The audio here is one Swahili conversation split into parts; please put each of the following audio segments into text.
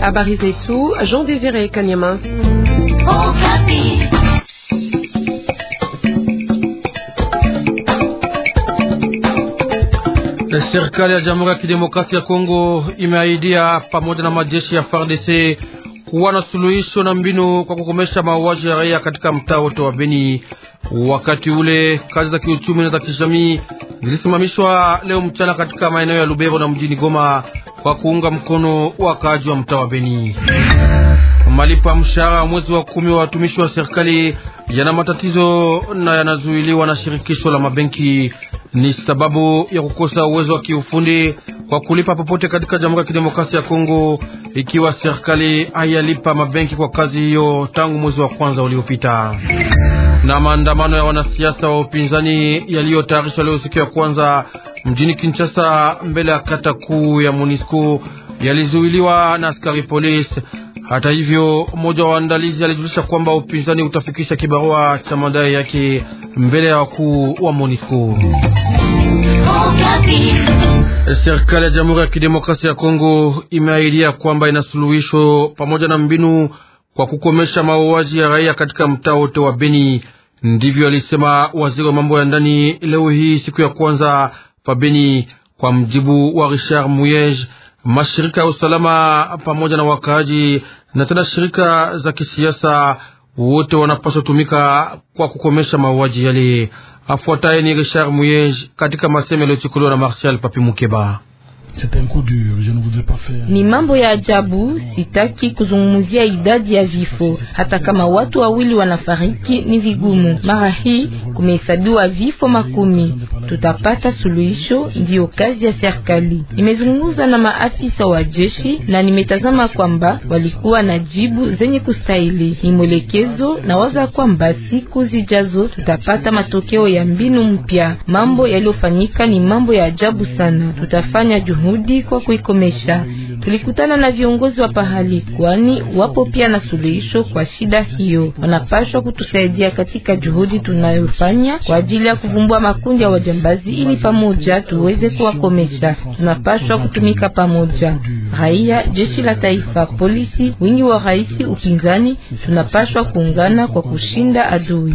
Habari zetu Jean Désiré Kanyama. Okapi. Serikali ya Jamhuri ya Kidemokrasia ya Kongo imeahidia pamoja na majeshi ya FARDC kuwa na suluhisho na mbinu kwa kukomesha mauaji ya raia katika mtaa wote wa Beni. Wakati ule kazi za kiuchumi na za kijamii zilisimamishwa leo mchana katika maeneo ya Lubero na mjini Goma kwa kuunga mkono wakaaji wa mtaa wa Beni. Malipo ya mshahara mwezi wa kumi wa watumishi wa serikali yana matatizo na yanazuiliwa na shirikisho la mabenki. Ni sababu ya kukosa uwezo wa kiufundi kwa kulipa popote katika Jamhuri ya Kidemokrasia ya Kongo, ikiwa serikali haiyalipa mabenki kwa kazi hiyo tangu mwezi wa kwanza uliopita na maandamano ya wanasiasa wa upinzani yaliyotayarishwa leo siku ya kwanza mjini Kinshasa mbele ya kata kuu ya Monisco yalizuiliwa na askari polisi. Hata hivyo, mmoja wa waandalizi alijulisha kwamba upinzani utafikisha kibarua cha madai yake mbele ya wakuu wa Monisco. Serikali ya Jamhuri ya Kidemokrasia ya Kongo imeahidia kwamba ina suluhisho pamoja na mbinu kwa kukomesha mauaji ya raia katika mtaa wote wa Beni. Ndivyo alisema waziri wa mambo ya ndani leo hii siku ya kwanza pa Beni. Kwa mjibu wa Richard Muyej, mashirika ya usalama pamoja na wakaaji na tena shirika za kisiasa wote wanapaswa tumika kwa kukomesha mauaji yale. Afuataye ni Richard Muyej katika maseme yaliyochukuliwa na Martial Papi Mukeba. Ni euh, mambo ya ajabu, sitaki kuzungumzia idadi ya vifo. Hata kama watu wawili wanafariki ni vigumu. Mara hii kumehesabiwa vifo makumi. Tutapata suluhisho, ndiyo kazi ya serikali. Nimezungumza na maafisa wa jeshi na nimetazama kwamba walikuwa na jibu zenye kustahili. Ni mwelekezo na waza kwamba siku zijazo tutapata matokeo ya mbinu mpya. Mambo yaliyofanyika ni mambo ya ajabu sana, tutafanya juhudi kwa kuikomesha. Tulikutana na viongozi wa pahali, kwani wapo pia na suluhisho kwa shida hiyo. Wanapaswa kutusaidia katika juhudi tunayofanya kwa ajili ya kuvumbua makundi ya wajambazi, ili pamoja tuweze kuwakomesha. Tunapaswa kutumika pamoja, raia, jeshi la taifa, polisi, wingi wa raisi, upinzani. Tunapaswa kuungana kwa kushinda adui.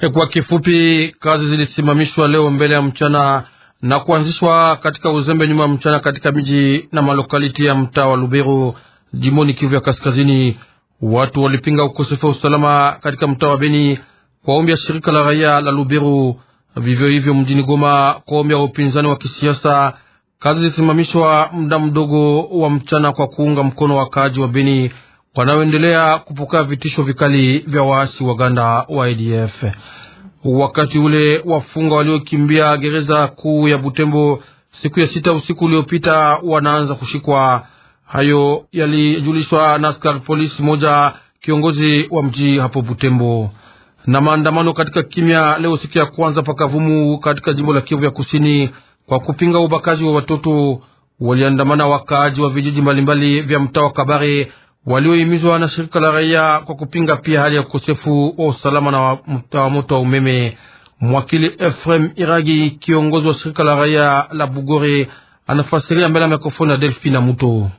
Eh, kwa kifupi, kazi zilisimamishwa leo mbele ya mchana na kuanzishwa katika uzembe nyuma mchana katika miji na malokaliti ya mtaa wa Lubero jimoni Kivu ya Kaskazini. Watu walipinga ukosefu wa usalama katika mtaa wa Beni kwa ombi ya shirika la raia la Lubero. Vivyo hivyo mjini Goma kwa ombi ya upinzani wa kisiasa, kazi zilisimamishwa muda mdogo wa mchana kwa kuunga mkono wakaaji wa Beni wanaoendelea kupokea vitisho vikali vya waasi Waganda wa ADF wakati ule wafunga waliokimbia gereza kuu ya Butembo siku ya sita usiku uliopita wanaanza kushikwa. Hayo yalijulishwa na askari polisi moja kiongozi wa mji hapo Butembo. Na maandamano katika kimya leo siku ya kwanza pakavumu katika jimbo la Kivu ya Kusini kwa kupinga ubakaji wa watoto. Waliandamana wakaaji wa vijiji mbalimbali vya mtaa wa Kabare walioimizwa na shirika la raia kwa kupinga pia hali ya ukosefu wa usalama na moto wa umeme. Mwakili Efrem Iragi, kiongozi wa shirika la raia la Bugore, anafasiria mbele ya mikrofoni ya na Muto.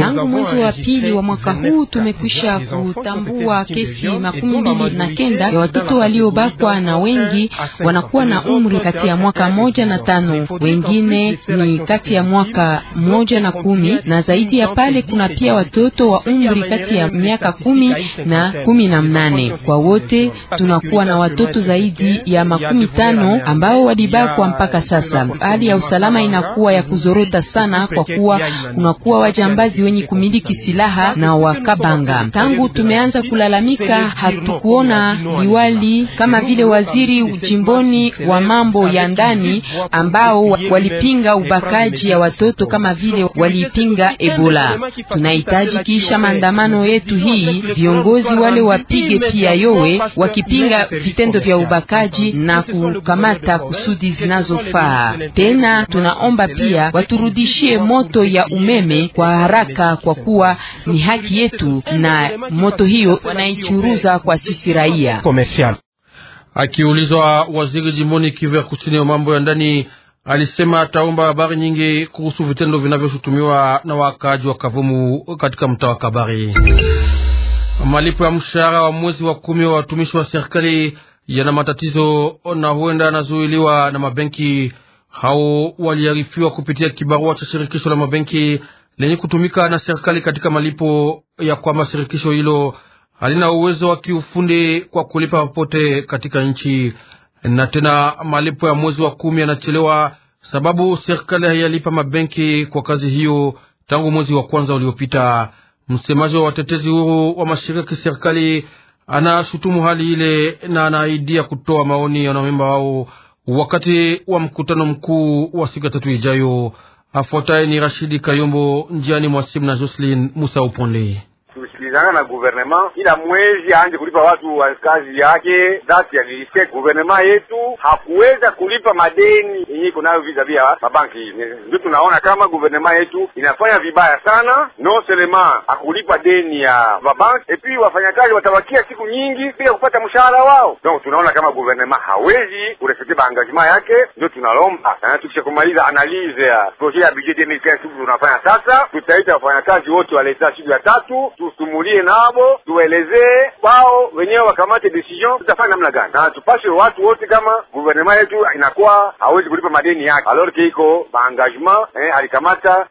Tangu mwezi wa pili wa mwaka huu tumekwisha kutambua kesi makumi mbili na kenda ya watoto waliobakwa, na wengi wanakuwa na umri kati ya mwaka moja na tano, wengine ni kati ya mwaka moja na kumi na zaidi ya pale. Kuna pia watoto wa umri kati ya miaka kumi na kumi na mnane. Kwa wote tunakuwa na watoto zaidi ya makumi tano ambao walibakwa mpaka sasa. Hali ya usalama inakuwa ya kuzorota sana kwa kuwa kunakuwa wajambazi wenye kumiliki silaha na wakabanga. Tangu tumeanza kulalamika, hatukuona liwali kama vile waziri ujimboni wa mambo ya ndani ambao walipinga ubakaji ya watoto kama vile waliipinga Ebola. Tunahitaji kisha maandamano yetu hii viongozi wale wapige pia yowe wakipinga vitendo vya ubakaji na kukamata kusudi zinazofaa. Tena tunaomba pia waturudishie tuondoe moto ya umeme kwa haraka, kwa kuwa ni haki yetu, na moto hiyo wanaichuruza kwa sisi raia. Akiulizwa, waziri jimboni Kivu ya kusini wa mambo ya ndani alisema ataomba habari nyingi kuhusu vitendo vinavyoshutumiwa na wakaaji wa Kavumu katika mtaa wa Kabari. Malipo ya mshahara wa mwezi wa kumi wa watumishi wa serikali yana matatizo na huenda yanazuiliwa na mabenki. Hao waliarifiwa kupitia kibarua cha shirikisho la mabenki lenye kutumika na serikali katika malipo ya kwamba shirikisho hilo halina uwezo wa kiufundi kwa kulipa popote katika nchi, na tena malipo ya mwezi wa kumi yanachelewa sababu serikali haiyalipa mabenki kwa kazi hiyo tangu mwezi wa kwanza uliopita. Msemaji wa watetezi huru wa mashirika ya kiserikali anashutumu hali ile na anaahidia kutoa maoni ya wanamemba wao wakati wa mkutano mkuu wa siku tatu ijayo. Afuataye ni Rashidi Kayombo njiani mwa simu na Jocelyn Musa Uponde tulisikilizana na guvernema kila mwezi aanje kulipa watu wa kazi yake dati ya lilise. Guvernema yetu hakuweza kulipa madeni yenye iko nayo vizavi ya mabanki hizi, ndio tunaona kama guvernema yetu inafanya vibaya sana, non seulement hakulipa deni ya mabanki epi wafanyakazi watabakia siku nyingi bila kupata mshahara wao. Donc tunaona kama guvernema hawezi kurespekte baangagement yake, ndio tunalomba na tukisha kumaliza analize ya projet ya budget 2015 tunafanya sasa, tutaita wafanyakazi wote wa leta siku ya tatu tusumulie nabo, tuwaelezee wao wenyewe wakamate decision, tutafanya namna gani na tupashe watu wote kama guvernema yetu inakuwa hawezi kulipa madeni yake alors que iko maengagement eh, alikamata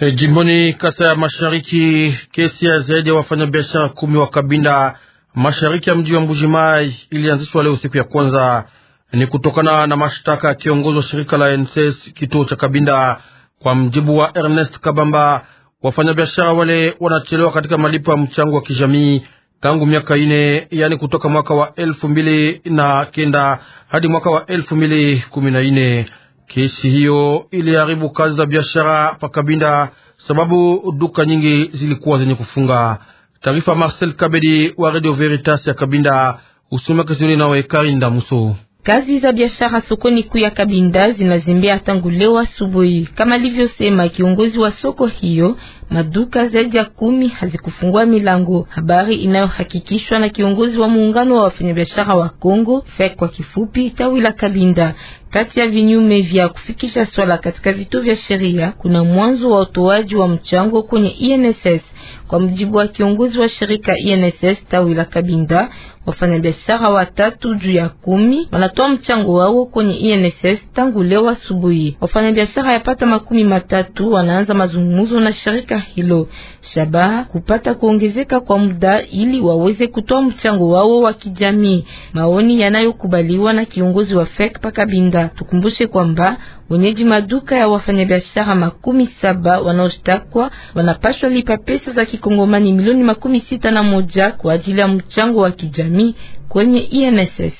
E, jimboni Kasa ya Mashariki, kesi ya zaidi ya wafanyabiashara kumi wa Kabinda mashariki ya mji wa Mai ilianzishwa leo siku ya kwanza. Ni kutokana na mashtaka ya kiongozi wa shirika la NSS kituo cha Kabinda. Kwa mjibu wa Ernest Kabamba, wafanyabiashara wale wanachelewa katika malipo ya mchango wa kijamii tangu miaka ine, yani kutoka mwaka wa elfu mbili na kenda hadi mwaka wa elfu mbili kumi na ine. Kesi hiyo iliharibu kazi za biashara pakabinda, sababu duka nyingi zilikuwa zenye kufunga. Taarifa Marcel Kabedi wa Radio Veritas ya Kabinda, usomeke nawe Karinda Muso. Kazi za biashara sokoni kuu ya Kabinda zinazembea tangu leo asubuhi, kama alivyosema kiongozi wa soko hiyo. Maduka zaidi ya kumi hazikufungua milango, habari inayohakikishwa na kiongozi wa muungano wa wafanyabiashara wa Kongo FEC kwa kifupi, tawi la Kabinda. Kati ya vinyume vya kufikisha swala katika vituo vya sheria kuna mwanzo wa utoaji wa mchango kwenye INSS. Kwa mjibu wa kiongozi wa shirika INSS tawi la Kabinda, wafanyabiashara watatu juu ya kumi wanatoa mchango wao kwenye INSS tangu leo asubuhi. Wafanyabiashara yapata makumi matatu wanaanza mazungumzo na shirika hilo shabaha kupata kuongezeka kwa muda ili waweze kutoa mchango wao wa kijamii, maoni yanayokubaliwa na kiongozi wa FEC Pakabinda. Tukumbushe kwamba wenyeji maduka ya wafanyabiashara makumi saba wanaoshtakwa wanapaswa lipa pesa za kikongomani milioni makumi sita na moja kwa ajili ya mchango wa kijamii kwenye INSS.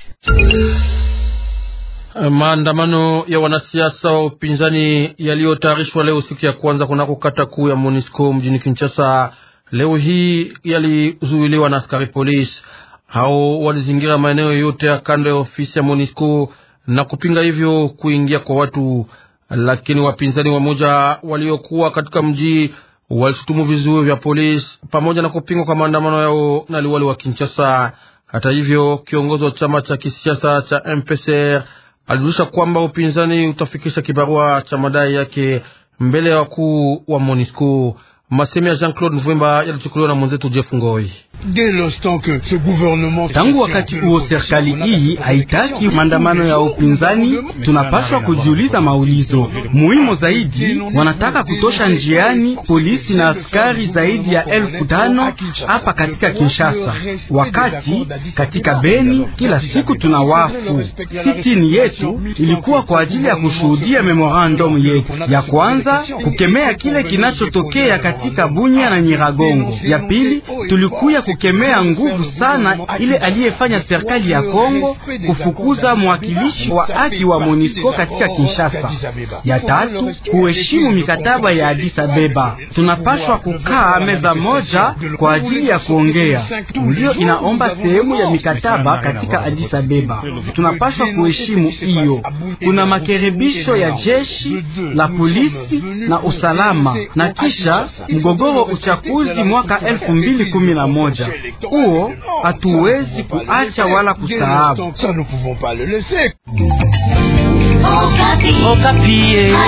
Maandamano ya wanasiasa wa upinzani yaliyotayarishwa leo siku ya kwanza kunako kata kuu ya Monisco mjini Kinshasa leo hii yalizuiliwa na askari polisi. Hao walizingira maeneo yote ya kando ya ofisi ya Monisco na kupinga hivyo kuingia kwa watu, lakini wapinzani wamoja waliokuwa katika mji walishutumu vizuio vya polisi pamoja na kupingwa kwa maandamano yao na liwali wa Kinshasa. Hata hivyo, kiongozi wa chama cha kisiasa cha MPCR alijulisha kwamba upinzani utafikisha kibarua cha madai yake mbele ya wakuu wa Monisco. Masemi ya Jean Claude Mvwemba yalichukuliwa na mwenzetu Jeff Ngoi. Tangu wakati huo serikali hii haitaki maandamano ya upinzani. Tunapaswa kujiuliza maulizo muhimu zaidi. Wanataka kutosha njiani polisi na askari zaidi ya elfu tano hapa katika Kinshasa, wakati katika Beni kila siku tuna wafu sitini. Yetu ilikuwa kwa ajili ya kushuhudia memorandum yetu ya kwanza kukemea kile kinachotokea katika bunya na Nyiragongo. Ya pili oh, tulikuya kukemea nguvu sana ile aliyefanya serikali ya Kongo kufukuza mwakilishi wa haki wa Monisco katika Kinshasa. Ya tatu, kuheshimu mikataba ya Addis Abeba. Tunapaswa kukaa meza moja kwa ajili ya kuongea, ndiyo inaomba sehemu ya mikataba katika Addis Abeba. Tunapaswa kuheshimu hiyo. Kuna makerebisho ya jeshi la polisi na usalama na kisha mgogoro uchaguzi mwaka elfu mbili kumi na moja moja. Huo hatuwezi kuacha wala kusahau. Okapi.